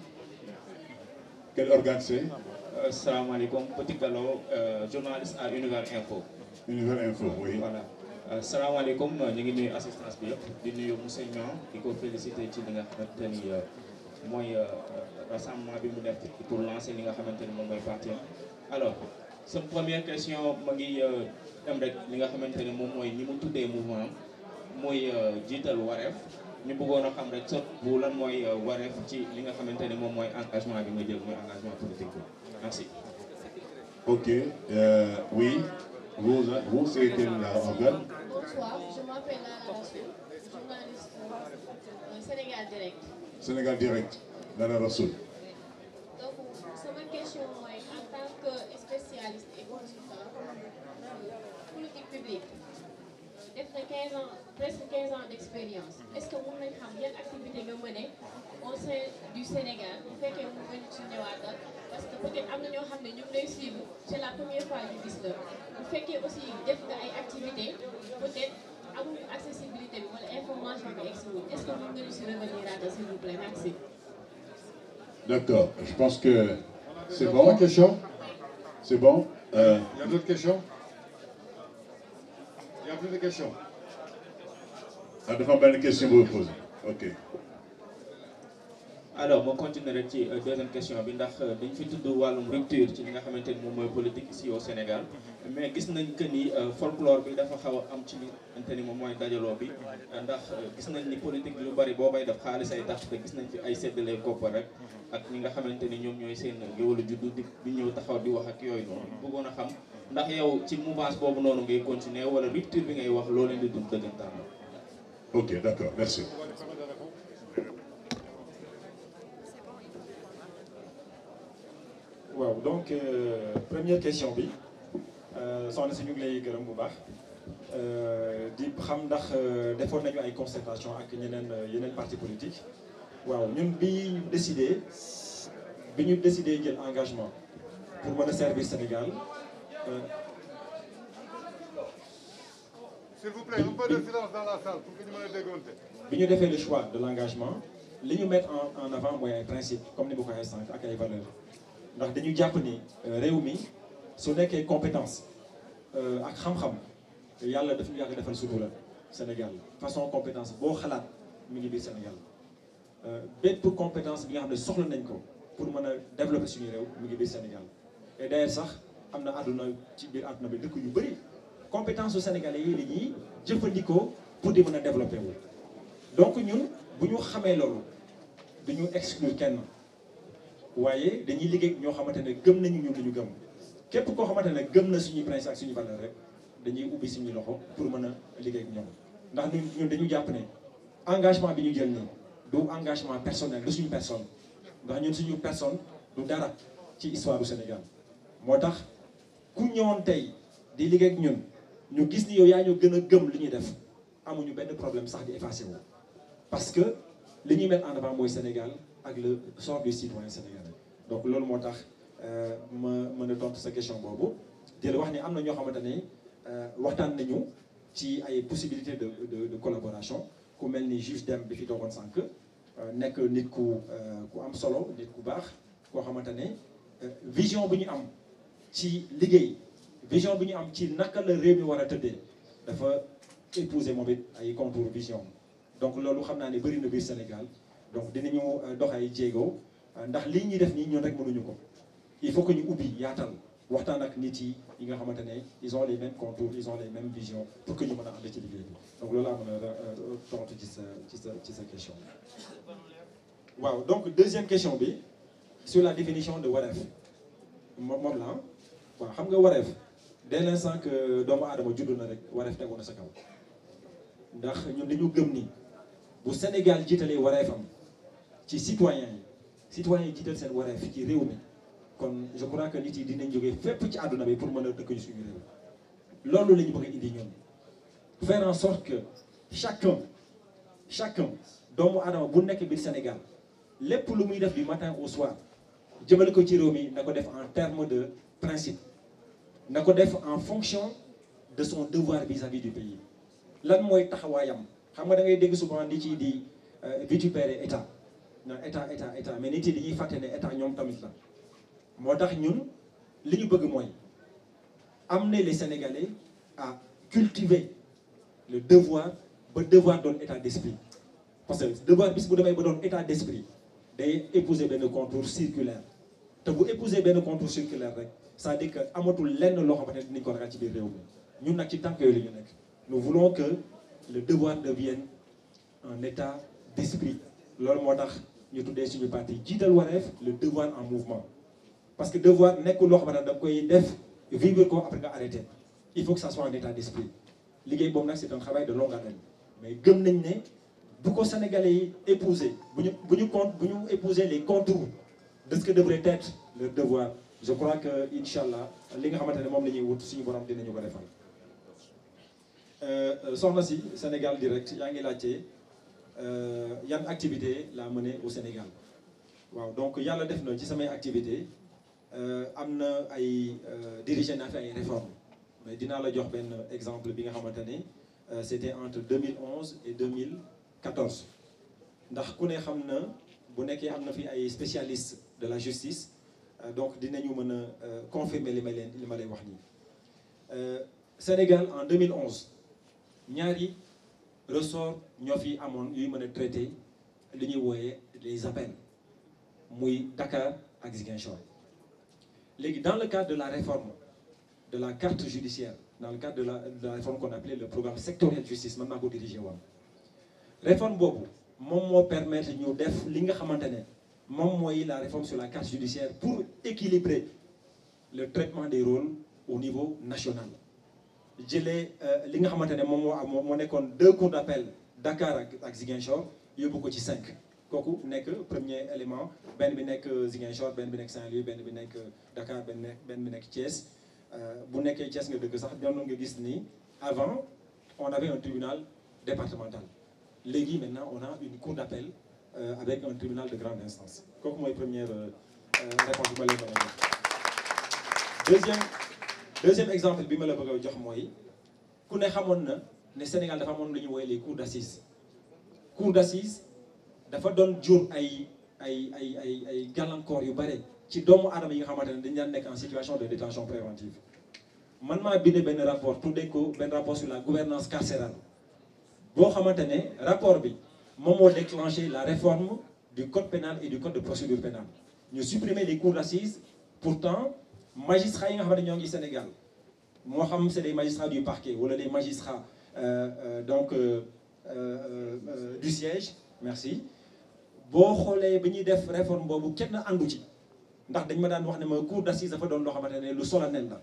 quel organe c'est asalaamaaleykum euh, Petit Gallo euh, journaliste à Univers Info. Univers Info oui. voilà asalaamaaleykum euh, ñu ngi nuyu assistance bi yëpp di nuyu monsieur Niang di ko féliciter ci li nga xamante ni mooy rassemblement bi mu def pour lancer li nga xamante ni moom mooy parti alors sa première question ma ngi dem rek li nga xamante ni moom mooy ñi mu tuddee mouvement mooy jiital wareef. ni bëggoon a xam rek sot bu mooy euh, wareef ci li nga xamante ne moom mooy engagement bi nga jël mooy engagement politique merci. ok euh, oui vous vous la organe. Euh, Sénégal Direct. Sénégal Direct Nana Rassoul. def na 15 ans d'expérience est-ce que mën nañ xam yan activité nga mëne au sein du Sénégal bu fekkee mu mën ci ñëwaatal parce que peut-être am na ñoo xam ne ñu ngi suivre c'est la première fois ñu gis la bu aussi def nga ay activités peut-être amul accessibilité bi wala information bi explique est-ce que mën nga ñu si revenir à s'il vous plaît merci. d'accord je pense que c'est bon. question. C'est bon. Euh, il a plus de questions. ah dafa am benn question booy posé ok. alors moo continuer ci euh, deuxième question bi ndax euh, dañ fi tudd wàllum rupture ci li nga xamante ni moom mooy politique ici au Sénégal mais gis nañ que ni euh, folklore bi dafa xaw a am ci li xamante ni moom mooy dajaloo bi ndax gis nañ ni politique lu bari boo koy def xaalis ay tax te gis nañ fi ay séddale koppar rek ak ñi nga xamante ni ñoom ñooy seen géwalu juddu di bi ñëw taxaw di wax ak yooyu noonu bëggoon a xam. ndax yow ci mouvance boobu noonu ngay continuer wala rupture bi ngay wax loo leen di dund dëggantaan la. ok d'accord merci. waaw donc euh, première question bi euh, soxna si ñu ngi lay gërëm bu baax euh, di xam ndax euh, defoon nañu ay concertation ak ñeneen yeneen parti politique waaw ñun bi ñu décidé bi ñu décidé jël engagement pour mën a servir Sénégal. S'il vous plaît, un ñu mën a déggoonte. bi ñu defee le choix de l'engagement li ñu mettre en en avant mooy ay principe comme ni ma ko waxee sànq ak ay valeurs ndax dañu jàpp ni euh, réew mi su nekkee compétence euh, ak xam-xam yàlla daf ñu yàgg defal sutura Sénégal façon compétence boo xalaat mi ngi biir Sénégal euh, bépp compétence bi nga xam ne soxla nañ ko pour mën a développer suñu réew mi ngi biir Sénégal et d'ailleurs sax. am na àdduna ci biir àdduna bi dëkk ñu bëri compétence su sénégalais yi la ñuy jëfandikoo pour di mën a développé wu. donc ñun bu ñu xamee loolu duñu exclure kenn waaye dañuy liggéey ñoo xamante ne gëm nañu ñun lu ñu gëm képp koo xamante ne gëm na suñu principe ak suñu valeur rek dañuy ubbi suñu loxo pour mën a liggéey ak ñoom ndax ñun dañu jàpp ne engagement bi ñu jël nii du engagement personnel du suñu personne ndax ñun suñu personne du dara ci histoire Sénégal ku ñëwoon tey di liggéey ak ñun ñu gis ni yow yaa ñu gën a gëm li ñuy def amuñu benn problème sax di effacé wu. parce que li ñuy mettre en avant mooy Sénégal ak le sort du citoyen sénégalais donc loolu moo tax euh, ma mën a tontu sa question boobu te la wax ni am na ñoo xamante ne euh, waxtaan nañu ci ay possibilité de de de collaboration ku mel ni juge Dème bi fi toogoon sànq euh, nekk nit ku ku am solo nit ku baax koo xamante ne vision bi ñu am. ci liggéey vision bi ñu am ci naka la réew bi war a tëddee dafa épouser moom it ay contours vision donc loolu xam naa ne bëri na biir Sénégal donc dinañu euh, dox ay jéego euh, ndax lii ñuy def nii ñun rek mënuñu ko il faut que ñu ubbi yaatal waxtaan ak nit yi yi nga xamante ne ils ont les mêmes contours ils ont les mêmes visions pour que ñu mën a ànd ci liggéey bi donc loolu laa mën a euh, ci sa ci sa ci sa question waaw donc deuxième question bi sur la définition de wareef moom la waaw xam nga wareef dès l'instant que doomu aadama juddu na rek wareef tegu na sa kaw ndax ñun li ñu gëm ni bu Sénégal jiitalee wareefam ci citoyen yi citoyen yi jiital seen wareef ci réew mi kon je crois que nit yi dinañ jógee fépp ci àdduna bi pour mën a dëkk ñu suñu réew loolu la ñu bëgg a indi ñoom faire en sorte que chacun chacun doomu aadama bu nekk bi Sénégal lépp lu muy def du matin au soir jëmale ko ci réew mi na ko def en terme de principe na ko def en fonction de son devoir vis-à-vis du pays lan mooy taxawaayam xam nga da ngay dégg souvent nit ci di euh, vitupérer état non état état état mais nit yi dañuy fàtte ne état ñoom tamit la moo tax ñun li ñu bëgg mooy am amener les Sénégalais a cultiver le devoir ba devoir doon état d'esprit parce que devoir bis bu demee ba doon état d'esprit day épouser benn contour circulaire te bu épouser benn contre circulaire rek cest dire que amatul lenn loxo xamante ne dinañ ko ragal ci biir réew mi ñun nag ci tànk yooyu la ñu nekk nous voulons que le devoir devienne un état d'esprit loolu moo tax ñu tuddee suñu parti jiital wareef le devoir en mouvement parce que devoir nekku loo ba ne da koy def vivre ko après nga arrêté il faut que ça soit un état d'esprit liggéey boobu nag c'est un travail de longue haleine mais gëm nañ ne bu ko sénégalais yi épouser bu ñu bu ñu compte bu ñu épouser les contours de ce que devrait être leur devoir je crois que incha allah li nga xamante ne moom la ñuy wut suñu borom dinañu ko defal. Euh, euh, soxna si Sénégal direct yaa ngi laajte euh, yan activité laa mené au Sénégal waaw donc yàlla def na ci samay activité am na ay dirigé naa fi ay réformes mais dinaa la jox benn exemple bi nga xamante ne c'était entre deux 2011 et 2014 ndax ku ne xam na bu nekkee am na fi ay spécialistes. de la justice euh, donc dinañu mën a euh, confirmer li may leen li ma leen wax nii euh, Sénégal en 2011 ñaari ressort ñoo fi amoon yuy mën a traité li ñuy wooyee les appels muy Dakar ak Ziguinchor léegi dans le cadre de la réforme de la carte judiciaire dans le cadre de la de réforme qu'on le programme sectoriel de justice man maa ko dirigé woon réforme boobu moom moo permettre ñu def li nga xamante ne moom mooy la réforme sur la carte judiciaire pour équilibrer le traitement des rôles au niveau national jëlee euh, li nga xamante ne moom moo moo nekkoon deux cours d'appel Dakar ak ak Ziguinchor yóbbu ko ci cinq kooku nekk premier élément benn bi nekk euh, Ziguinchor benn bi nekk Saint-Louis benn bi nekk euh, Dakar benn benn bi nekk Thiès bu nekkee Thiès nga dëgg sax doon nga gis nii avant on avait un tribunal départemental léegi maintenant on a une cour d'appel Euh, avec un tribunal de grande instance kooku mooy première euh, euh, réponse bi ma exemple bi ma la bëgg a jox mooy ku ne xamoon na ne Sénégal dafa amoon lu ñu woowee les cours d'assises cours d'assises dafa doon jur ay ay ay ay ay gàllankoor yu bare ci doomu aadama yi nga xamante ne dañu daan nekk en situation de détention préventive man maa bind benn rapport tuddee ko benn rapport sur la gouvernance carcérale boo xamante ne rapport bi moom moo déclenché la réforme du code pénal et du code de procédure pénale ñu supprimer les cours d'assises pourtant magistrats yi nga xam ne ñoo ngi Sénégal moo xam c'est des magistrats du parquet wala des magistrats euh, euh donc euh, euh, euh, du siège merci boo xoolee bi ñuy def réforme boobu kenn àndu ci ndax dañ ma daan wax ne ma cour d'assises dafa doon loo xamante ne lu solennel la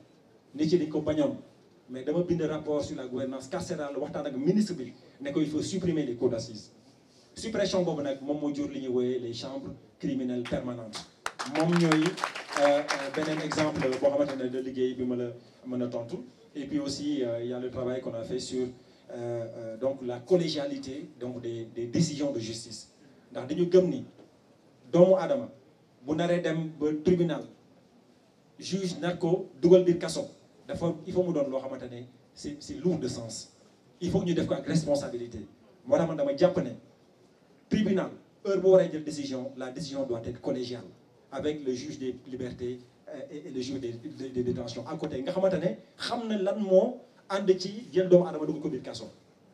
nit ci dañ ko bañoon mais dama bind rapport sur la gouvernance carcérale waxtaan ak ministre les cours d'assises suppression boobu nag moom moo jur li ñuy wooyee les chambres criminelles permanentes moom ñooy euh, euh, beneen exemple boo xamante ne de liggéey bi ma la mën a tontu et puis aussi yàlla euh, y a le a fait sur donc la collégialité donc des des décisions de justice ndax dañu gëm ni doomu aadama bu naree dem ba tribunal juge nar ko dugal biir kaso dafa il faut mu doon loo xamante ne c'est c'est de sens il faut ñu def ko ak responsabilité moo tax man dama jàpp ne tribunal heure bu waree jël décision la décision doit être collégiale avec le juge des libertés euh, et le juge des détentions à côté nga xamante ne xam na lan moo ànd ci jël doomu adama dugg ko biir kaso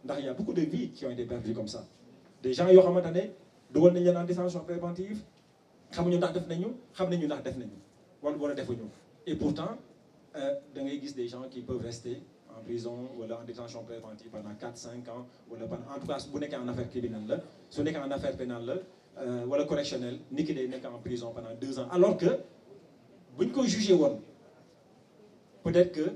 ndax y a beaucoup de vies qui ont été perdues comme ça des gens yoo xamante ne dugal nañ leen détention préventive xamuñu ndax def nañu xam nañu ndax def nañu wala wala defuñu et pourtant euh, da ngay gis des gens qui peuvent rester en prison wala en détention préventive pendant 4 5 ans wala pendant en tout cas bu nekkee en affaire criminelle la su nekkee en affaire pénale la euh, wala correctionnelle ni ki day nekk en prison pendant 2 ans alors que buñ ko jugé woon peut-être que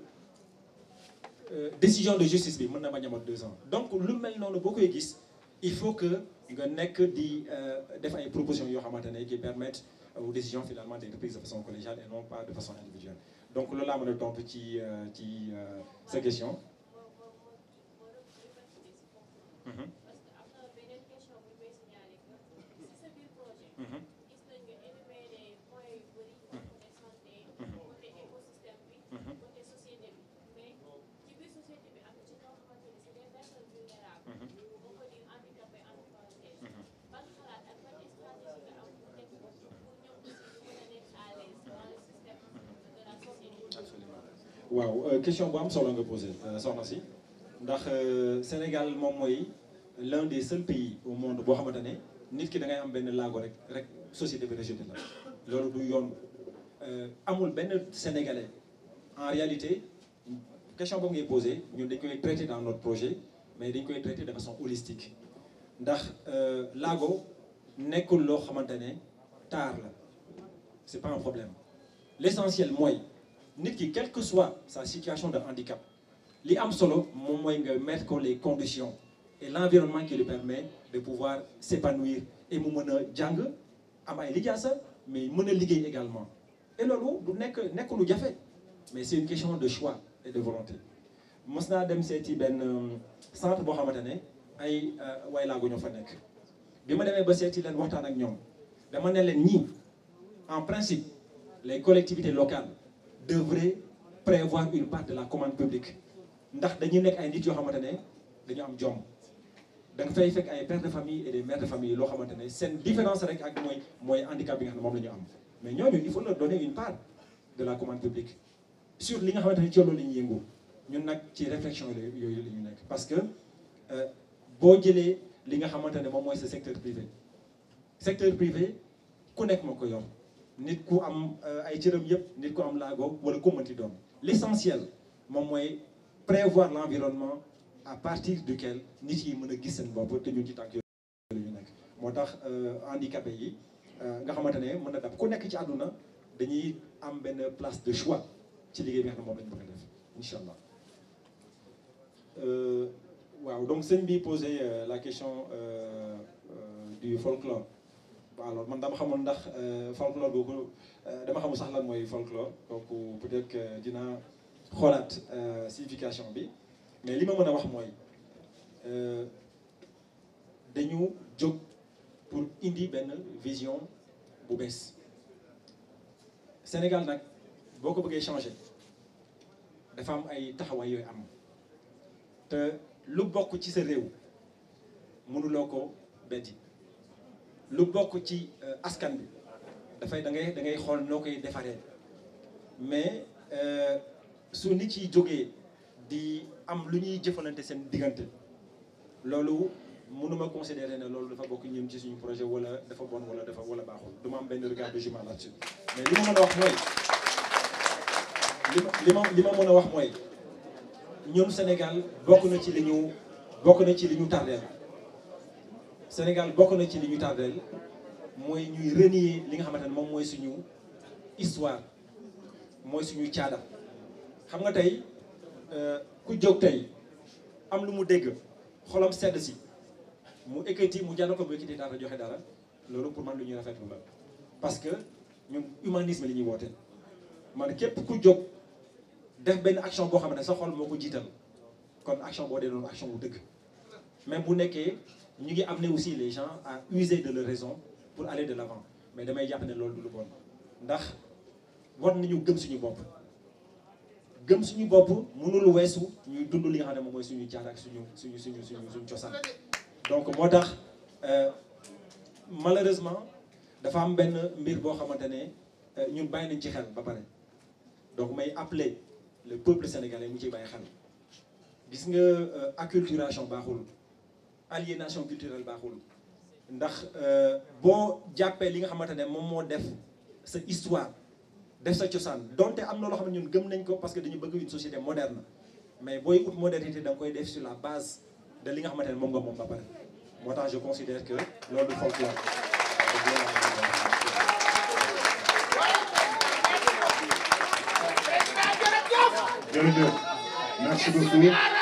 euh, décision de justice bi mën na bañ a mot 2 ans donc lu mel noonu boo koy gis il faut que nga nekk di euh, def ay propositions yoo xamante ne qui permettent aux décisions finalement d'être prises de façon de façon individuelle donc loolu laa mën a tontu ci ci sa question. mm waaw euh, question bu am solo nga posé euh, soxna si ndax euh, Sénégal moom mooy l'un des seuls pays au monde boo xamante ne nit ki da ngay am benn laago rek rek société bi rejeté la loolu du yoon amul benn sénégalais en réalité question boobu ngay posé ñun dañ koy traité dans notre projet mais dañ koy traité de façon holistique ndax laago nekkul loo xamante ne taar la c'est pas un problème l'essentiel mooy. nit ki quelle que soit sa situation de handicap li am solo moom mooy nga mettre ko les conditions et l'environnement qui lui permet de pouvoir s'épanouir et mu mën a jàng am ay lijaasa mais mën a liggéey également et loolu du nekk nekk jafe mais c'est une question de choix et de volonté mës naa dem seeti benn euh, centre boo xamante ne ay euh, way laago ñoo fa nekk bi ma demee ba seeti leen waxtaan ak ñoom dama ne leen ñii en principe les collectivités locales devrait prévoir une part de la commande publique ndax dañuy nekk ay nit yoo xamante ne dañu am jom da nga fay fekk ay pères de famille et des mères famille loo xamante ne seen différence rek ak mooy mooy handicap bi nga xam ne moom la ñu am mais ñooñu il faut leur donner une part la commande publique sur li nga xamante ne ci la ñuy yëngu ñun nag ci réflexion yooyu la ñu nekk parce que euh, boo jëlee li nga xamante ne moom mooy sa secteur privé secteur privé ku nekk moo ko yor nit ku am euh, ay cëram yëpp nit ku am laago wala ku mënti doon l'essentiel moom mooy prévoir l'environnement à partir duquel nit yi mën a gis seen bopp te ñun ci tànk yooyu ñu nekk moo tax euh, handicapé yi euh, nga xamante ne mën a dab ku nekk ci àdduna dañuy am benn place de choix ci liggéey bi nga xam ne moom lañ bëgg a def incha allah waaw donc seen bi posé la question euh, euh, du folklore waaw man dama xamoon ndax euh, folklore boobu euh, dama xamul sax lan mooy folklore donc peut-être que dinaa xoolaat euh, signification bi mais li ma mën a wax mooy dañu jóg pour indi benn vision bu bés Sénégal nag boo ko bëggee changer dafa am ay taxawaay yooyu am te lu bokk ci sa réew mënuloo ko beddi lu bokk ci euh, askan bi dafay da ngay da ngay xool noo koy defaree mais euh, su nit yi jógee di am lu ñuy jëfalante seen diggante loolu mënuma considérer ne loolu dafa bokk ñëm ci suñu projet wala dafa bon wala dafa wala baaxul du am benn regard de jugement là mais li ma mën a wax mooy li ma li ma mën a wax mooy ñun Sénégal bokk na ci li ñu bokk na ci li ñu tardeel Sénégal bokk na ci li ñu tardeel mooy ñuy renier li nga xamante ne moom mooy suñu histoire mooy suñu caada xam nga tey euh, ku jóg tey am lu mu dégg xolam sedd si mu ekkati mu jàll ko mu ekkati dara joxe dara loolu pour man lu ñuy rafetlu la parce que ñun humanisme li ñuy woote man képp ku jóg def benn action boo xam ne sa xol moo ko jiital kon action boo dee noonu action bu dëgg même bu nekkee ñu ngi am ne aussi les gens à user de leur raison pour aller de l'avant mais damay jàpp ne loolu du lu bon ndax war nañu gëm suñu bopp gëm suñu bopp mënul weesu ñu dund li xam ne moom mooy suñu jaar ak suñu suñu suñu suñu suñu cosaan donc moo tax euh, malheureusement dafa am benn mbir boo xamante ne euh, ñun bàyyi nañ ci xel ba pare donc may apple le peuple sénégalais mu ciy bàyyi xel gis nga euh, acculturation baaxul aliénation culturelle baaxul ndax euh, boo jàppee li nga xamante ne moom moo def sa histoire def sa cosaan doonte am na loo xam ne ñun gëm nañ ko parce que dañu bëgg une société moderne mais booy ut modernité da nga koy def sur la base de li nga xamante ne moom nga moom ba pare moo tax je considère que loolu du folklore jërëjëf merci beaucoup